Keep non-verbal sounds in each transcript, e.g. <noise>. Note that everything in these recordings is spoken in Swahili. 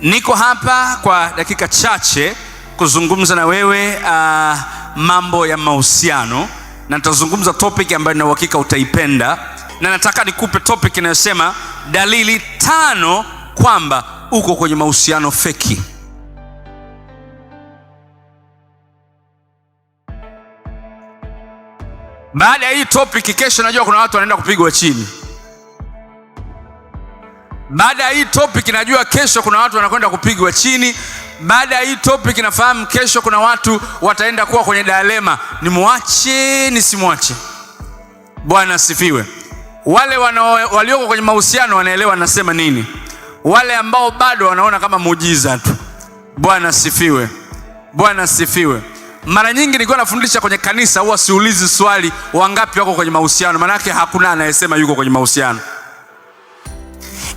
Niko hapa kwa dakika chache kuzungumza na wewe uh, mambo ya mahusiano na nitazungumza topic ambayo nina uhakika utaipenda, na nataka nikupe topic inayosema dalili tano kwamba uko kwenye mahusiano feki. Baada ya hii topic, kesho najua kuna watu wanaenda kupigwa chini baada ya hii topic najua kesho kuna watu wanakwenda kupigwa chini. baada ya hii topic nafahamu kesho kuna watu wataenda kuwa kwenye dilema, nimwache nisimwache? Bwana asifiwe. Wale walioko kwenye mahusiano wanaelewa nasema nini, wale ambao bado wanaona kama muujiza tu. Bwana asifiwe, Bwana asifiwe. Mara nyingi nikiwa nafundisha kwenye kanisa huwa siulizi swali wangapi wako kwenye mahusiano, maanake hakuna anayesema yuko kwenye mahusiano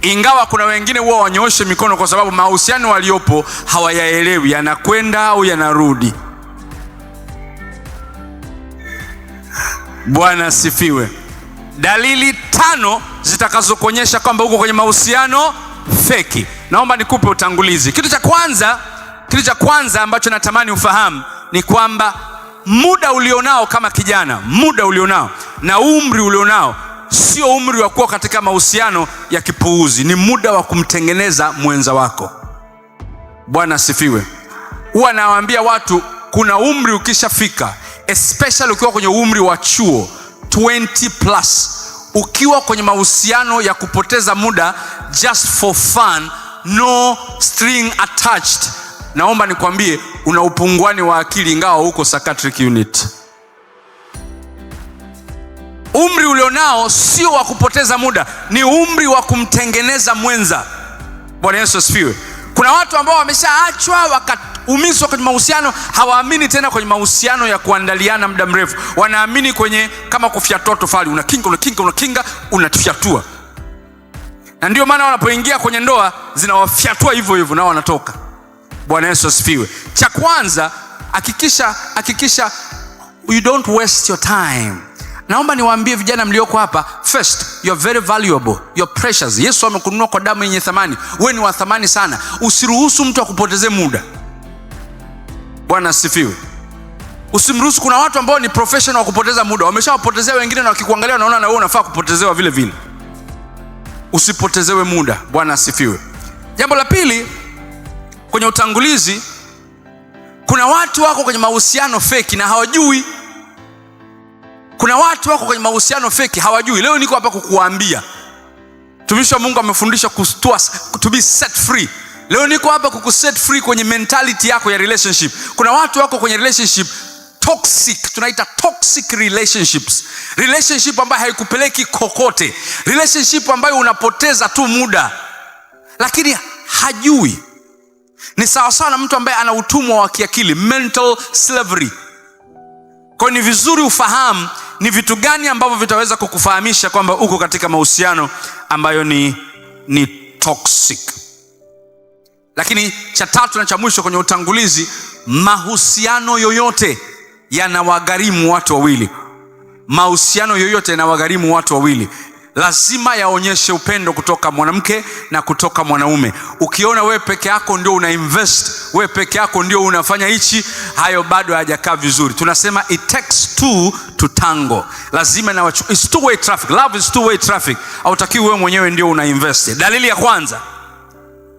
ingawa kuna wengine huwa wanyooshe mikono kwa sababu mahusiano waliopo hawayaelewi, yanakwenda au yanarudi. Bwana sifiwe Dalili tano zitakazokuonyesha kwamba uko kwenye mahusiano feki. Naomba nikupe utangulizi. Kitu cha kwanza, kitu cha kwanza ambacho natamani ufahamu ni kwamba muda ulionao kama kijana, muda ulionao na umri ulionao sio umri wa kuwa katika mahusiano ya kipuuzi, ni muda wa kumtengeneza mwenza wako. Bwana asifiwe. Huwa nawaambia watu kuna umri ukishafika, especially ukiwa kwenye umri wa chuo 20 plus, ukiwa kwenye mahusiano ya kupoteza muda just for fun, no string attached, naomba nikwambie una upungwani wa akili, ingawa huko psychiatric unit. Umri ulionao sio wa kupoteza muda, ni umri wa kumtengeneza mwenza. Bwana Yesu asifiwe. Kuna watu ambao wameshaachwa wakaumizwa kwenye mahusiano, hawaamini tena kwenye mahusiano ya kuandaliana muda mrefu, wanaamini kwenye kama kufyatua tofali, unakinga unakinga unakinga, unafyatua. Na ndio maana wanapoingia kwenye ndoa zinawafyatua hivyo hivyo, nao wanatoka. Bwana Yesu asifiwe. Cha kwanza, hakikisha hakikisha you don't waste your time Naomba niwaambie vijana mlioko hapa, first you are very valuable, you are precious. Yesu amekununua kwa damu yenye thamani, wewe ni wa thamani sana. Usiruhusu mtu akupotezee muda. Bwana asifiwe. Usimruhusu. Kuna watu ambao ni professional wa kupoteza muda, wameshawapotezea wengine, na wakikuangalia wanaona na wewe unafaa kupotezewa vile vile. Usipotezewe muda. Bwana asifiwe. Jambo la pili, kwenye utangulizi, kuna watu wako kwenye mahusiano feki na hawajui kuna watu wako kwenye mahusiano feki, hawajui. Leo niko hapa kukuambia, mtumishi wa Mungu amefundisha to be set free. Leo niko hapa kukuset free kwenye mentality yako ya relationship. Kuna watu wako kwenye relationship toxic, tunaita toxic relationships, relationship ambayo haikupeleki kokote, relationship ambayo unapoteza tu muda, lakini hajui. Ni sawasawa na mtu ambaye ana utumwa wa kiakili, mental slavery. Kwa ni vizuri ufahamu ni vitu gani ambavyo vitaweza kukufahamisha kwamba uko katika mahusiano ambayo ni, ni toxic. Lakini cha tatu na cha mwisho kwenye utangulizi, mahusiano yoyote yanawagharimu watu wawili. Mahusiano yoyote yanawagharimu watu wawili lazima yaonyeshe upendo kutoka mwanamke na kutoka mwanaume. Ukiona wewe peke yako ndio una invest, wewe peke yako ndio unafanya hichi, hayo bado hayajakaa vizuri. Tunasema it takes two to tango, lazima na wachu, it's two way traffic. Love is two way traffic. Hautakiwi wewe mwenyewe ndio una invest. Dalili ya kwanza,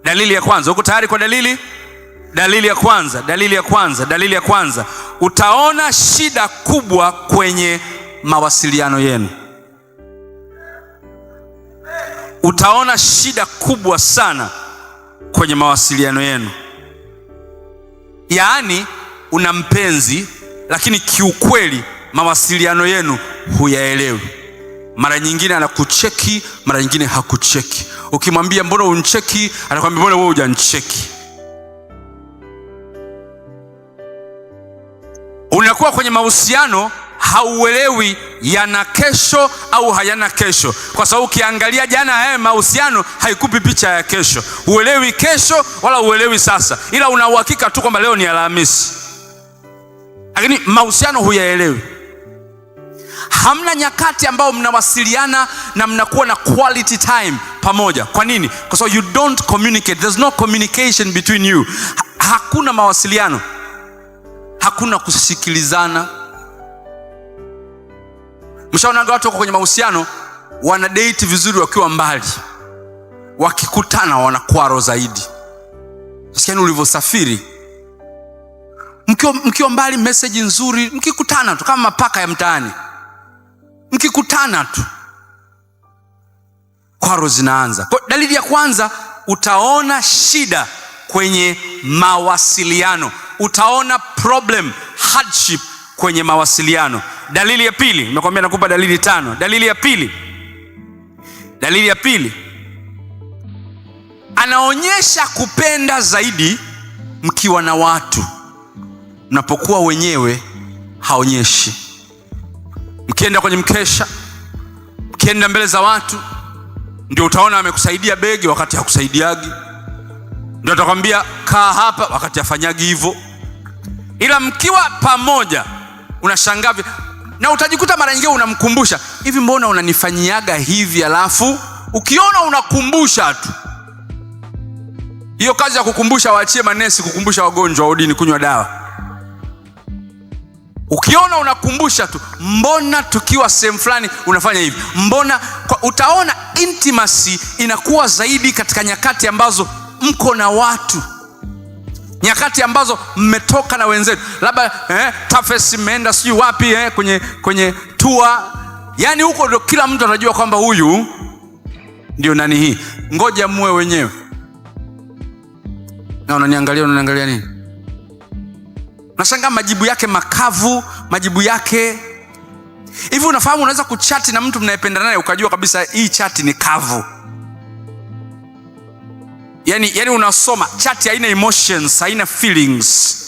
dalili ya kwanza, uko tayari kwa dalili? Dalili ya kwanza, dalili ya kwanza, dalili ya kwanza, utaona shida kubwa kwenye mawasiliano yenu utaona shida kubwa sana kwenye mawasiliano yenu. Yaani una mpenzi lakini kiukweli mawasiliano yenu huyaelewi. Mara nyingine anakucheki, mara nyingine hakucheki. Ukimwambia mbona uncheki, anakwambia mbona we ujancheki Unakuwa kwenye mahusiano hauelewi yana kesho au hayana kesho, kwa sababu ukiangalia jana, haya mahusiano haikupi picha ya kesho. uelewi kesho wala uelewi sasa, ila una uhakika tu kwamba leo ni Alhamisi, lakini mahusiano huyaelewi. Hamna nyakati ambayo mnawasiliana na mnakuwa na quality time pamoja. Kwa nini? Kwa sababu you don't communicate, there's no communication between you. Hakuna mawasiliano, hakuna kusikilizana Mshaonaga watu wako kwenye mahusiano wana date vizuri wakiwa mbali, wakikutana wanakwaro zaidi. sikani ulivyosafiri mkiwa, mkiwa mbali, meseji nzuri, mkikutana tu kama mapaka ya mtaani, mkikutana tu kwaro zinaanza. Kwa dalili ya kwanza utaona shida kwenye mawasiliano, utaona problem hardship kwenye mawasiliano. Dalili ya pili, imekwambia nakupa dalili tano. Dalili ya pili, dalili ya pili, anaonyesha kupenda zaidi mkiwa na watu, mnapokuwa wenyewe haonyeshi. Mkienda kwenye mkesha, mkienda mbele za watu, ndio utaona amekusaidia begi wakati hakusaidiagi, ndio atakwambia kaa hapa wakati afanyagi hivyo, ila mkiwa pamoja unashangaa na utajikuta mara nyingine unamkumbusha hivi, mbona unanifanyiaga hivi? Alafu ukiona unakumbusha tu hiyo kazi ya kukumbusha, waachie manesi kukumbusha wagonjwa udini kunywa dawa. Ukiona unakumbusha tu, mbona tukiwa sehemu fulani unafanya hivi, mbona kwa, utaona intimacy inakuwa zaidi katika nyakati ambazo mko na watu nyakati ambazo mmetoka na wenzetu labda eh, tafes mmeenda sijui wapi eh, kwenye, kwenye tua, yaani huko ndio kila mtu anajua kwamba huyu ndio nani hii. Ngoja mue wenyewe. Na unaniangalia unaniangalia nini? Nashangaa majibu yake makavu, majibu yake hivi. Unafahamu, unaweza kuchati na mtu mnayependa naye ukajua kabisa hii chati ni kavu yani, yani unasoma chati haina emotions, haina feelings.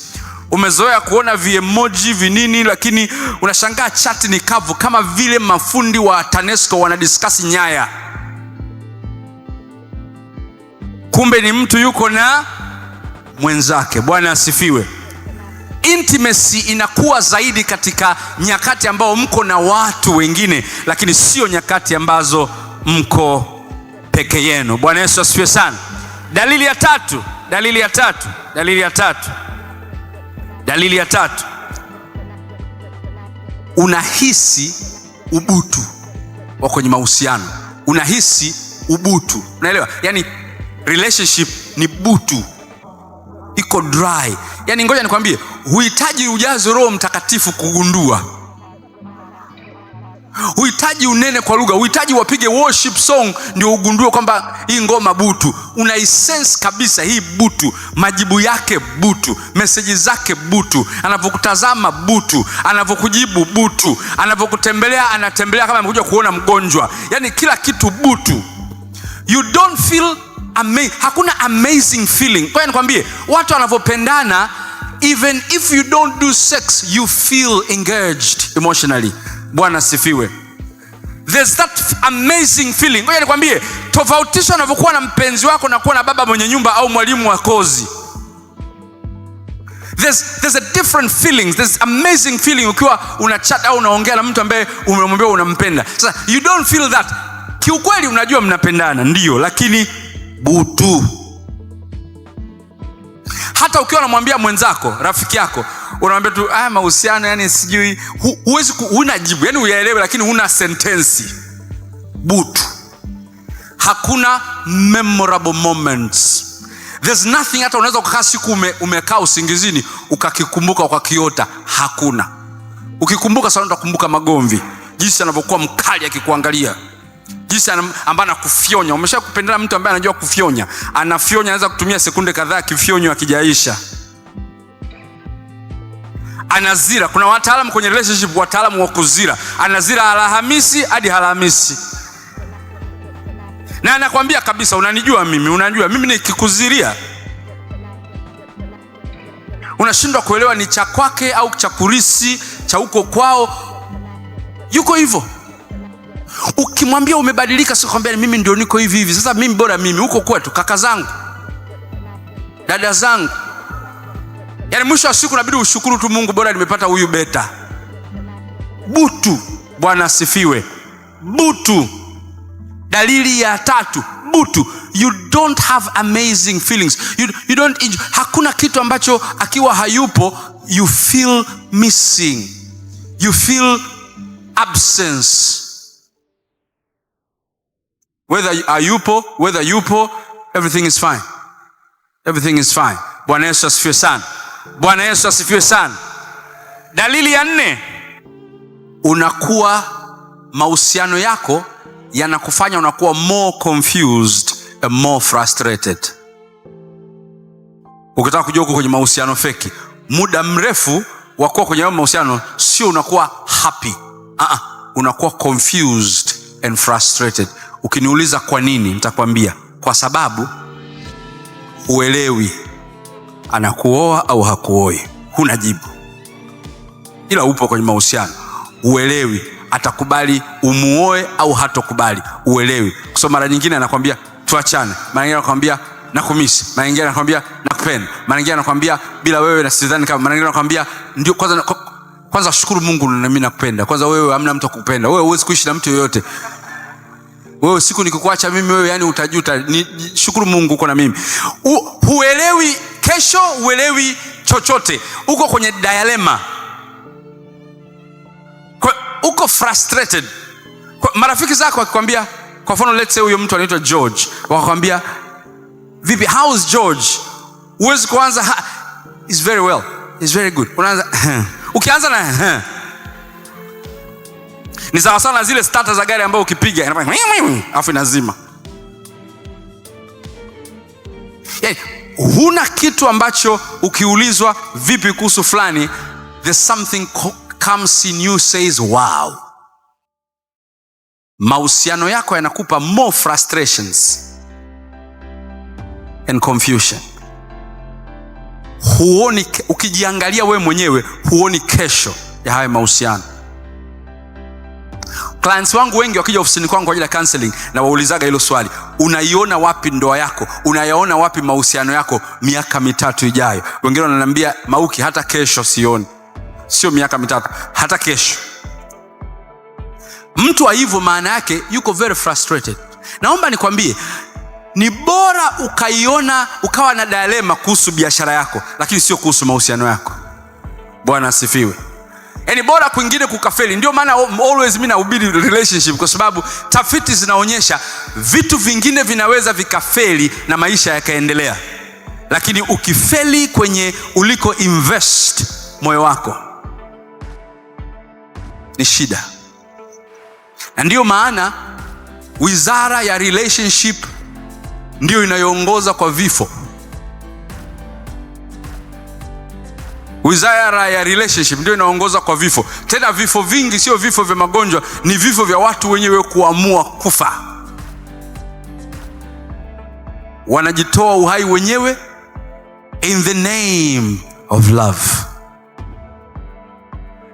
Umezoea kuona viemoji vinini, lakini unashangaa chati ni kavu, kama vile mafundi wa TANESCO wanadiskasi nyaya, kumbe ni mtu yuko na mwenzake. Bwana asifiwe. Intimacy inakuwa zaidi katika nyakati ambao mko na watu wengine, lakini sio nyakati ambazo mko peke yenu. Bwana Yesu asifiwe sana. Dalili ya tatu, dalili ya tatu, dalili ya tatu, dalili ya tatu, unahisi ubutu wa kwenye mahusiano, unahisi ubutu. Unaelewa, Yani relationship ni butu, iko dry. Yani ngoja nikwambie, huhitaji ujazo Roho Mtakatifu kugundua Huhitaji unene kwa lugha, huhitaji wapige worship song ndio ugundue kwamba hii ngoma butu. Unaisense kabisa hii butu, majibu yake butu, meseji zake butu, anavyokutazama butu, anavyokujibu butu, anavyokutembelea anatembelea kama amekuja kuona mgonjwa, yani kila kitu butu. You don't feel ama hakuna amazing feeling. Kwa nikwambie, watu wanavyopendana, even if you don't do sex you feel engaged emotionally Bwana sifiwe. There's that amazing feeling. Ngoja nikwambie, tofautisha unavyokuwa na mpenzi wako na kuwa na baba mwenye nyumba au mwalimu wa kozi. There's, there's a different feelings. There's amazing feeling ukiwa una chat au unaongea na mtu ambaye umemwambia unampenda. Sasa you don't feel that. Kiukweli unajua mnapendana ndio lakini butu. Hata ukiwa unamwambia mwenzako, rafiki yako unamwambia tu ah, mahusiano yani sijui, huwezi huna jibu yani uyaelewe, lakini huna sentensi butu. Hakuna memorable moments, there's nothing. Hata unaweza ukakaa siku ume, umekaa usingizini ukakikumbuka kwa kiota hakuna. Ukikumbuka sana utakumbuka magomvi, jinsi anavyokuwa mkali akikuangalia jinsi ambaye anakufyonya. Umeshakupendana mtu ambaye anajua kufyonya, anafyonya, anaweza kutumia sekunde kadhaa, kifyonywa akijaisha anazira. Kuna wataalamu kwenye relationship, wataalamu wa kuzira, anazira Alhamisi hadi Alhamisi na anakwambia kabisa, unanijua mimi, unanijua mimi, nikikuziria unashindwa kuelewa ni cha kwake au cha kurisi cha huko kwao. Yuko hivyo, ukimwambia umebadilika, sikwambia mimi ndio niko hivi hivi sasa, mimi bora mimi huko kwetu, kaka zangu, dada zangu Yaani mwisho wa siku nabidi ushukuru tu Mungu, bora nimepata huyu beta. Butu. Bwana asifiwe. Butu. Dalili ya tatu, butu. You don't have amazing feelings. You, you don't enjoy. Hakuna kitu ambacho akiwa hayupo you feel missing, you feel absence, whether ayupo, whether yupo, everything is fine, everything is fine. Bwana Yesu asifiwe sana. Bwana Yesu asifiwe sana. Dalili ya nne, unakuwa mahusiano yako yanakufanya unakuwa more confused and more frustrated. Ukitaka kujua uko kwenye mahusiano feki muda mrefu wa kuwa kwenye mahusiano, sio unakuwa happy uh-uh, unakuwa confused and frustrated. Ukiniuliza kwa nini, nitakwambia kwa sababu huelewi anakuoa au hakuoi, huna jibu, ila upo kwenye mahusiano, uelewi atakubali umuoe au hatokubali, uelewi. Kwa sababu mara nyingine anakwambia tuachane, mara nyingine anakwambia nakumisi, mara nyingine anakwambia nakupenda, mara nyingine anakwambia bila wewe na sidhani kama, mara nyingine anakwambia ndio kwanza kwanza shukuru Mungu na mimi nakupenda. Kwanza wewe hamna mtu akupenda Wewe huwezi kuishi na mtu yoyote. Wewe siku nikikuacha mimi wewe, yani utajuta. Ni, shukuru Mungu uko na mimi. U, Huelewi kesho, huelewi chochote, uko kwenye dilemma kwa, uko frustrated. Kwa, marafiki zako wakikwambia, kwa mfano let's say huyo mtu anaitwa George, wakakwambia vipi, how is George, huwezi kuanza is very well, is very good, unaanza <laughs> ukianza na <laughs> Ni sawa sawa na zile starter za gari ambayo ukipiga afu inazima. Yani, huna kitu ambacho ukiulizwa vipi kuhusu fulani, the something comes in you says wow. Mahusiano yako yanakupa more frustrations and confusion. Huoni, ukijiangalia wewe mwenyewe huoni kesho ya haya mahusiano. Clients wangu wengi wakija ofisini kwangu kwa ajili ya counseling, na waulizaga hilo swali, unaiona wapi ndoa yako? Unayaona wapi mahusiano yako miaka mitatu ijayo? Wengine wananiambia Mauki, hata kesho sioni, sio miaka mitatu, hata kesho. Mtu wa maana yake yuko very frustrated. Naomba nikwambie ni bora ukaiona ukawa na dilema kuhusu biashara yako, lakini sio kuhusu mahusiano yako. Bwana asifiwe. Yaani bora kwingine kukafeli. Ndio maana always mimi nahubiri relationship, kwa sababu tafiti zinaonyesha vitu vingine vinaweza vikafeli na maisha yakaendelea, lakini ukifeli kwenye uliko invest moyo wako ni shida, na ndiyo maana wizara ya relationship ndiyo inayoongoza kwa vifo. Wizara ya relationship ndio inaongoza kwa vifo, tena vifo vingi, sio vifo vya magonjwa, ni vifo vya watu wenyewe kuamua kufa. Wanajitoa uhai wenyewe in the name of love.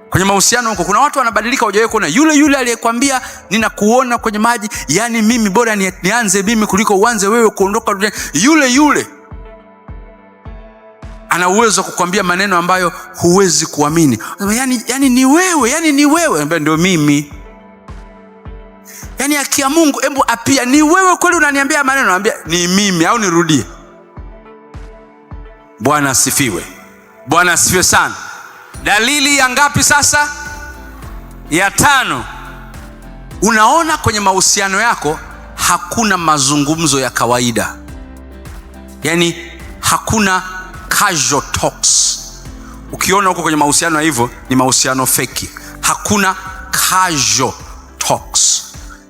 Kwenye mahusiano huko kuna watu wanabadilika, hujawahi kuona yule yule aliyekwambia ninakuona kwenye maji, yani mimi bora nianze mimi kuliko uanze wewe kuondoka duniani, yule yule ana uwezo wa kukwambia maneno ambayo huwezi kuamini. Yani, yani ni wewe, yani ni wewe. Ndio mimi yani akia Mungu, hebu apia, ni wewe kweli unaniambia maneno? Anambia ni mimi, au nirudie? Bwana asifiwe, Bwana asifiwe sana. Dalili ya ngapi sasa? Ya tano. Unaona, kwenye mahusiano yako hakuna mazungumzo ya kawaida, yani hakuna casual talks. Ukiona huko kwenye mahusiano ya hivyo, ni mahusiano feki. Hakuna casual talks.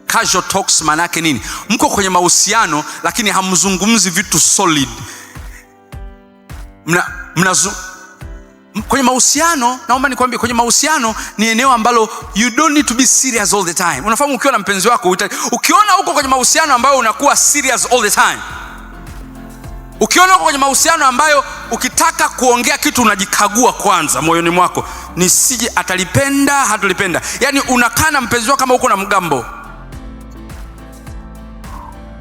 Casual talks maana yake nini? Mko kwenye mahusiano lakini hamzungumzi vitu solid. Mna, mna kwenye mahusiano, naomba nikwambie, kwenye mahusiano ni eneo ambalo you don't need to be serious all the time. Unafahamu, ukiwa na mpenzi wako ukiona huko kwenye mahusiano ambayo unakuwa serious all the time Ukiona kwenye mahusiano ambayo ukitaka kuongea kitu unajikagua kwanza moyoni mwako, nisije atalipenda hatulipenda. Yaani unakaa na mpenzi wako kama uko na mgambo,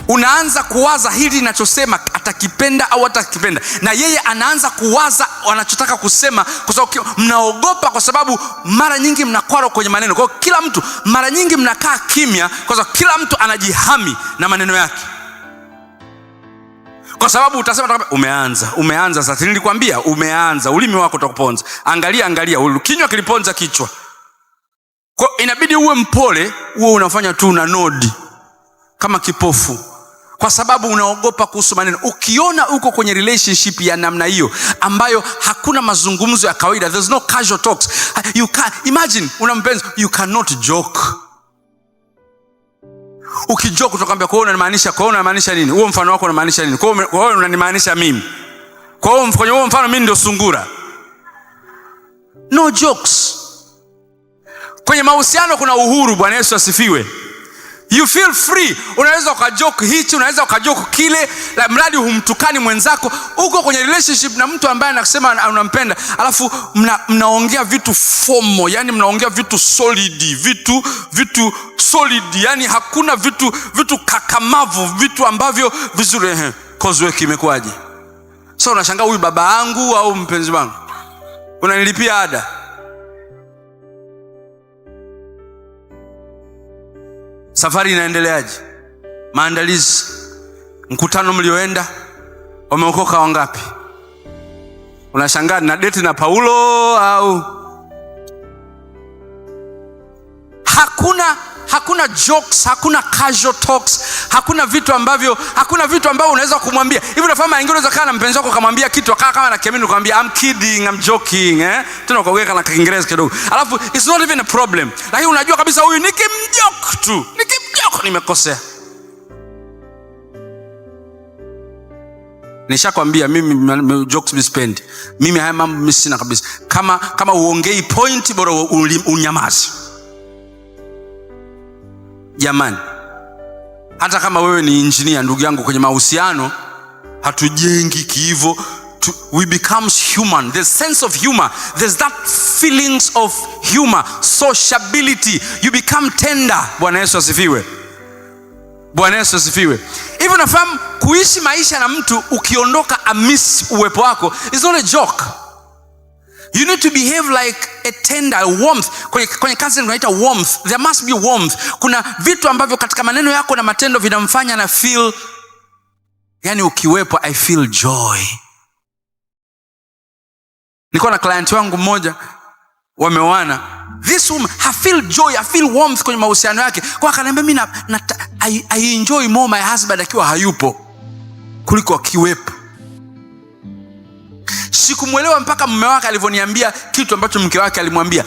unaanza kuwaza hili ninachosema atakipenda au hatakipenda, na yeye anaanza kuwaza anachotaka kusema, kwa sababu mnaogopa, kwa sababu mara nyingi mnakwara kwenye maneno. Kwa hiyo kila mtu, mara nyingi mnakaa kimya, kwa sababu kila mtu anajihami na maneno yake kwa sababu utasema umeanza, umeanza sasa. Nilikwambia umeanza, ulimi wako utakuponza. Angalia, angalia, kinywa kiliponza kichwa. Kwa inabidi uwe mpole, uwe unafanya tu na nodi kama kipofu, kwa sababu unaogopa kuhusu maneno. Ukiona uko kwenye relationship ya namna hiyo ambayo hakuna mazungumzo ya kawaida, there's no casual talks, you can imagine, una mpenzi, you cannot joke Ukijoke utakwambia kwa hiyo unanimaanisha, kwa hiyo unamaanisha nini? Huo mfano wako unamaanisha nini? Kwa hiyo unanimaanisha mimi. Kwa hiyo kwenye huo mfano mimi ndio sungura. No jokes. Kwenye mahusiano kuna uhuru. Bwana Yesu asifiwe you feel free unaweza ukajoke hichi unaweza ukajoke kile la mradi humtukani mwenzako uko kwenye relationship na mtu ambaye anasema unampenda alafu mna, mnaongea vitu fomo yani mnaongea vitu solidi vitu vitu solidi yani hakuna vitu vitu kakamavu vitu ambavyo vizuri kozweki imekuwaje so unashangaa huyu baba yangu au mpenzi wangu unanilipia ada Safari inaendeleaje? Maandalizi, mkutano mlioenda, wameokoka wangapi? Unashangaa na deti na Paulo au hakuna hakuna jokes, hakuna casual talks, hakuna vitu ambavyo, hakuna vitu ambavyo unaweza kumwambia hivi. Unafahamu, wengine unaweza kaa na mpenzi wako ukamwambia kitu akawa kama anakiamini, ukamwambia I'm kidding, I'm joking, eh, tena ukaongea na Kiingereza kidogo, alafu it's not even a problem, lakini unajua kabisa huyu nikimjoke tu, nikimjoke nimekosea. Nishakwambia mimi jokes mi spend mimi, haya mambo mimi sina kabisa. Kama kama uongei point, bora unyamaze. Jamani, hata kama wewe ni injinia ndugu yangu, kwenye mahusiano hatujengi kiivo To, we becomes human the sense of humor there's that feelings of humor sociability you become tender Bwana Yesu asifiwe Bwana Yesu asifiwe Hivi unafahamu kuishi maisha na mtu ukiondoka amis uwepo wako is not a joke You need to behave like a tender warmth. Kwenye, kwenye kazi kunaita warmth. There must be warmth. Kuna vitu ambavyo katika maneno yako na matendo vinamfanya na feel, yani ukiwepo I feel joy. Nilikuwa na client wangu mmoja wameoana, this woman I feel joy, I feel warmth kwenye mahusiano yake, kwa akaniambia mimi na, na I, I enjoy more my husband akiwa hayupo kuliko akiwepo sikumwelewa mpaka mume wake alivyoniambia kitu ambacho mke wake alimwambia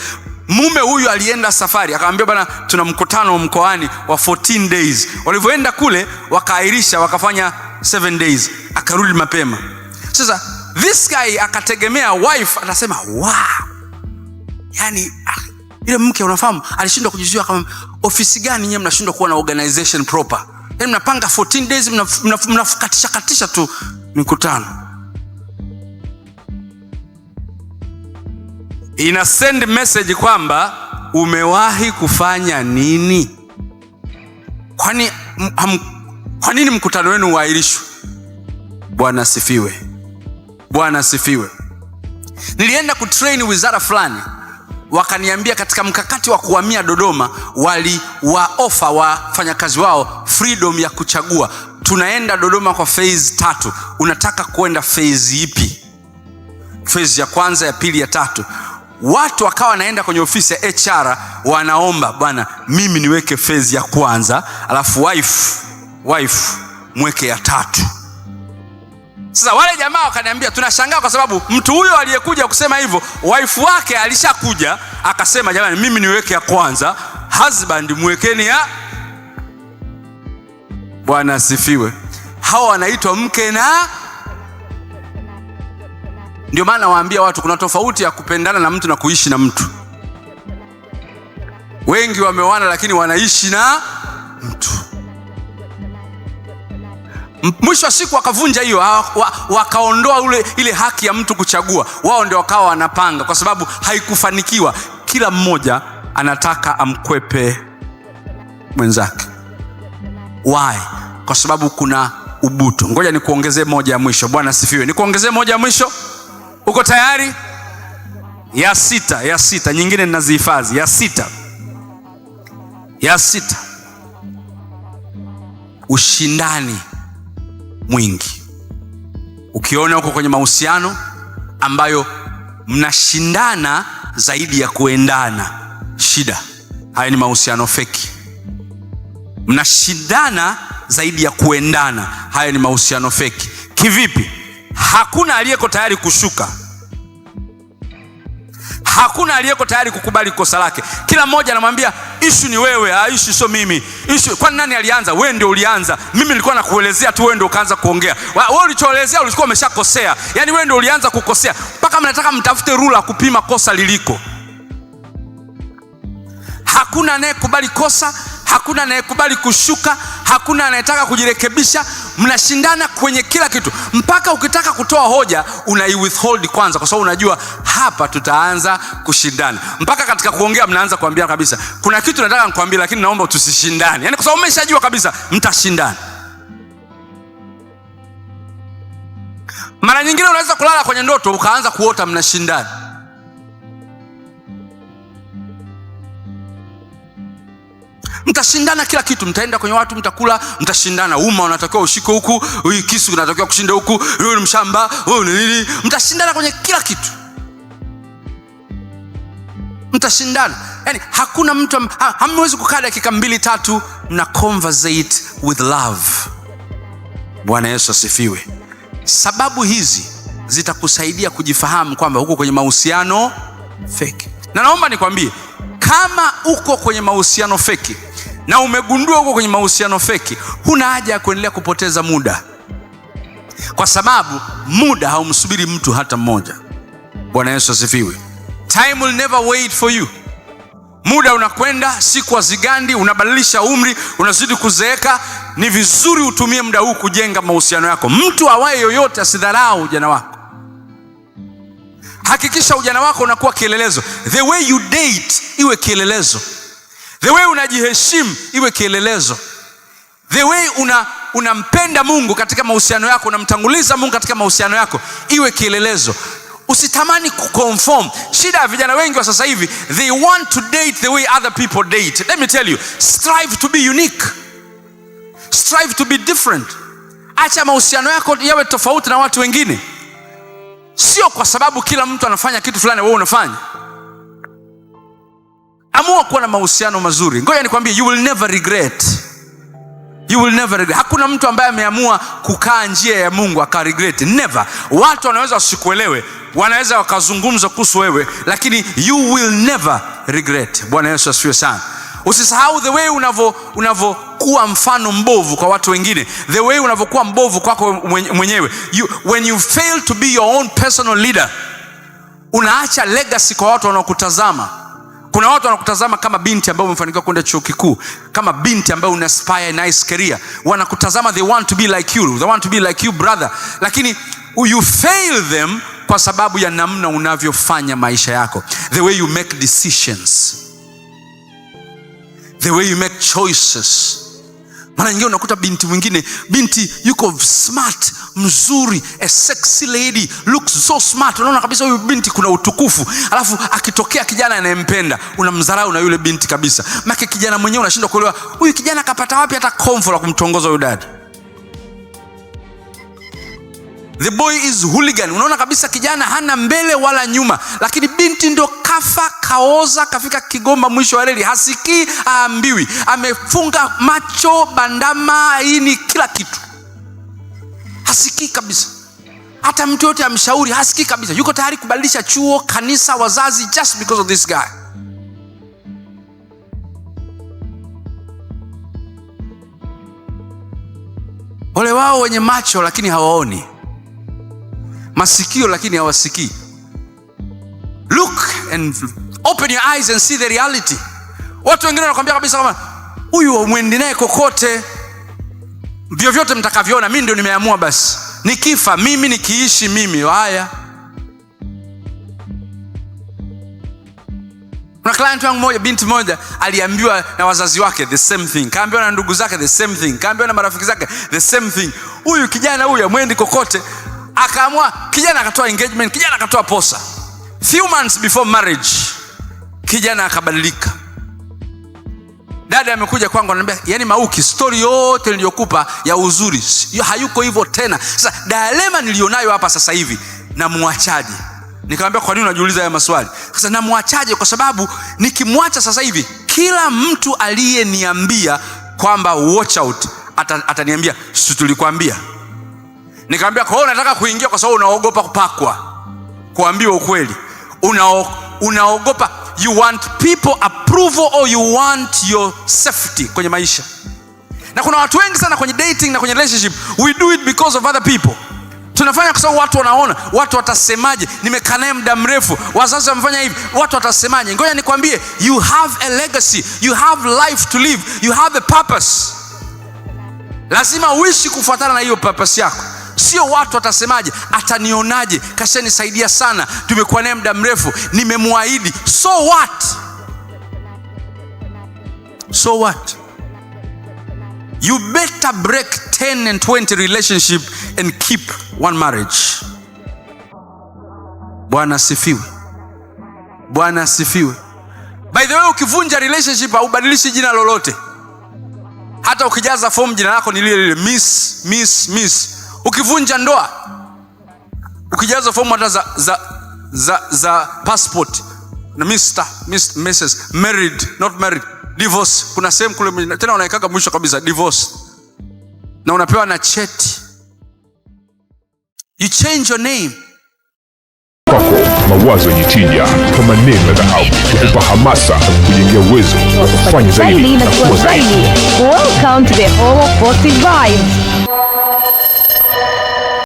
mume huyu alienda safari akamwambia bana tuna mkutano mkoani wa 14 days walivyoenda kule wakaahirisha wakafanya 7 days akarudi mapema sasa this guy akategemea wife anasema wow. yani ah, ile mke unafahamu alishindwa kujizuia kama ofisi gani nyewe mnashindwa kuwa na organization proper yani mnapanga 14 days mnafukatisha mna, mna, katisha tu mikutano ina send message kwamba umewahi kufanya nini? Kwani kwa nini mkutano wenu uahirishwe? Bwana sifiwe, Bwana sifiwe. Nilienda kutrain wizara fulani, wakaniambia katika mkakati wa kuhamia Dodoma waliwaofa wafanyakazi wao freedom ya kuchagua. Tunaenda Dodoma kwa phase tatu, unataka kuenda phase ipi? Phase ya kwanza, ya pili, ya tatu watu wakawa wanaenda kwenye ofisi ya HR wanaomba, bwana, mimi niweke fezi ya kwanza, alafu wife wife mweke ya tatu. Sasa wale jamaa wakaniambia, tunashangaa kwa sababu mtu huyo aliyekuja kusema hivyo wife wake alishakuja akasema, jamani, mimi niweke ya kwanza, husband mwekeni ya Bwana asifiwe. Hawa wanaitwa mke na ndio maana nawaambia watu kuna tofauti ya kupendana na mtu na kuishi na mtu. Wengi wameoana lakini wanaishi na mtu, mwisho wa siku wakavunja hiyo, wakaondoa ule ile haki ya mtu kuchagua. Wao ndio wakawa wanapanga, kwa sababu haikufanikiwa. Kila mmoja anataka amkwepe mwenzake. Why? Kwa sababu kuna ubutu. Ngoja nikuongezee moja ya mwisho. Bwana sifiwe Nikuongezee moja ya mwisho. Uko tayari? Ya sita, ya sita nyingine ninazihifadhi. Ya sita, ya sita, ushindani mwingi. Ukiona uko kwenye mahusiano ambayo mnashindana zaidi ya kuendana, shida. Haya ni mahusiano feki. Mnashindana zaidi ya kuendana, haya ni mahusiano feki. Kivipi? hakuna aliyeko tayari kushuka, hakuna aliyeko tayari kukubali kosa lake. Kila mmoja anamwambia ishu ni wewe, ishu sio mimi. Ishu kwani nani alianza? Wewe ndio ulianza. Mimi nilikuwa nakuelezea tu, wewe ndio ukaanza kuongea. Wewe ulichoelezea ulikuwa umeshakosea, yaani wewe ndio ulianza kukosea. Mpaka mnataka mtafute rula kupima kosa liliko. Hakuna anayekubali kosa hakuna anayekubali kushuka, hakuna anayetaka kujirekebisha. Mnashindana kwenye kila kitu, mpaka ukitaka kutoa hoja unai withhold kwanza, kwa sababu unajua hapa tutaanza kushindana. Mpaka katika kuongea mnaanza kuambia kabisa, kuna kitu nataka nikwambie, lakini naomba tusishindane, yani kwa sababu umeshajua kabisa mtashindana. Mara nyingine unaweza kulala kwenye ndoto ukaanza kuota mnashindana mtashindana kila kitu, mtaenda kwenye watu, mtakula, mtashindana. Uma unatakiwa ushike huku, hii kisu unatakiwa kushinda huku, wewe ni mshamba, wewe ni nini, mtashindana kwenye kila kitu, mtashindana. Yani hakuna mtu ha, hamwezi kukaa dakika mbili tatu na conversate with love. Bwana Yesu asifiwe. Sababu hizi zitakusaidia kujifahamu kwamba huko kwenye mahusiano feki, na naomba nikwambie kama uko kwenye mahusiano feki na umegundua huko kwenye mahusiano feki, huna haja ya kuendelea kupoteza muda, kwa sababu muda haumsubiri mtu hata mmoja. Bwana Yesu asifiwe. Time will never wait for you. Muda unakwenda, siku hazigandi, unabadilisha umri, unazidi kuzeeka. Ni vizuri utumie muda huu kujenga mahusiano yako. Mtu awaye yoyote asidharau ujana wako. Hakikisha ujana wako unakuwa kielelezo. The way you date iwe kielelezo. The way unajiheshimu iwe kielelezo. The way una unampenda Mungu katika mahusiano yako, unamtanguliza Mungu katika mahusiano yako iwe kielelezo. Usitamani kuconform. Shida ya vijana wengi wa sasa hivi, they want to date the way other people date. Let me tell you, strive to be unique, strive to be different. Acha mahusiano yako yawe tofauti na watu wengine, sio kwa sababu kila mtu anafanya kitu fulani wewe unafanya Amua kuwa na mahusiano mazuri. Ngoja nikwambie, you will never regret. You will never regret. Hakuna mtu ambaye ameamua kukaa njia ya Mungu akaregret. Never. Watu wanaweza wasikuelewe, wanaweza wakazungumza kuhusu wewe, lakini you will never regret. Bwana Yesu asifiwe sana. Usisahau the way unavyo unavyokuwa mfano mbovu kwa watu wengine, the way unavyokuwa mbovu kwako mwenyewe. You, when you fail to be your own personal leader, unaacha legacy kwa watu wanaokutazama. Kuna watu wanakutazama kama binti ambayo umefanikiwa kwenda chuo kikuu, kama binti ambayo una aspire nice career, wanakutazama, they want to be like you, they want to be like you brother, lakini you fail them kwa sababu ya namna unavyofanya maisha yako, the way you make decisions, the way you make choices mara nyingine unakuta binti mwingine, binti yuko smart, mzuri, a sexy lady, looks so smart, unaona kabisa huyu binti kuna utukufu, alafu akitokea kijana anayempenda unamdharau na yule binti kabisa, make kijana mwenyewe unashindwa kuelewa huyu kijana kapata wapi hata komfo la kumtongoza huyu dada. The boy is hooligan. Unaona kabisa kijana hana mbele wala nyuma, lakini binti ndo kafa kaoza, kafika Kigoma mwisho wa reli, hasikii aambiwi, amefunga macho bandama, hii ni kila kitu, hasikii kabisa. Hata mtu yote amshauri, hasikii kabisa. Yuko tayari kubadilisha chuo, kanisa, wazazi, just because of this guy. Ole wao wenye macho lakini hawaoni masikio lakini hawasikii. Look and open your eyes and see the reality. Watu wengine wanakwambia kabisa kama huyu mwendi naye kokote, vyovyote mtakavyoona, mimi ndio nimeamua, basi nikifa mimi nikiishi mimi. Haya, kuna client wangu moja, binti moja, aliambiwa na wazazi wake the same thing, kaambiwa na ndugu zake the same thing, kaambiwa na marafiki zake the same thing, huyu kijana huyu amwendi kokote akaamua, kijana akatoa engagement, kijana akatoa posa. Few months before marriage, kijana akabadilika. Dada amekuja kwangu ananiambia, yani Mauki, stori yote niliyokupa ya uzuri hayuko hivyo tena. Sasa dalema nilionayo hapa sasa hivi, namwachaje? Nikamwambia, kwa nini unajiuliza haya maswali? Sasa namwachaje? Kwa sababu nikimwacha sasa hivi, kila mtu aliyeniambia kwamba watch out ataniambia, ata si tulikwambia Nikamwambia, kwa hiyo unataka kuingia kwa sababu unaogopa kupakwa, kuambiwa ukweli. Una, unaogopa you want people approval or you want your safety kwenye maisha. Na kuna watu wengi sana kwenye dating na kwenye relationship, we do it because of other people tunafanya kwa sababu watu wanaona, watu watasemaje? Nimekaa naye muda mrefu, wazazi wamefanya hivi, watu watasemaje? Ngoja nikwambie, you have a legacy, you have life to live, you have a purpose. Lazima uishi kufuatana na hiyo purpose yako sio watu watasemaje, atanionaje, kashanisaidia sana, tumekuwa naye muda mrefu, nimemwahidi. So what? So what? You better break 10 and 20 relationship and keep one marriage. Bwana sifiwe, Bwana sifiwe. By the way, ukivunja relationship haubadilishi jina lolote, hata ukijaza fomu jina lako ni lile lile, miss miss miss Ukivunja ndoa, ukijaza fomu hata za, za, za, za passport na Mr, Mrs, married, not married, divorce. Kuna sehemu kule tena unaekaga mwisho kabisa divorce, na unapewa na cheti. You change your name kwako. Mawazo yenye tija kwa maneno ya dhahabu kukupa hamasa kujengea uwezo wa kufanya zaidi na kuwa zaidi. Welcome to the Hall of Positive Vibes.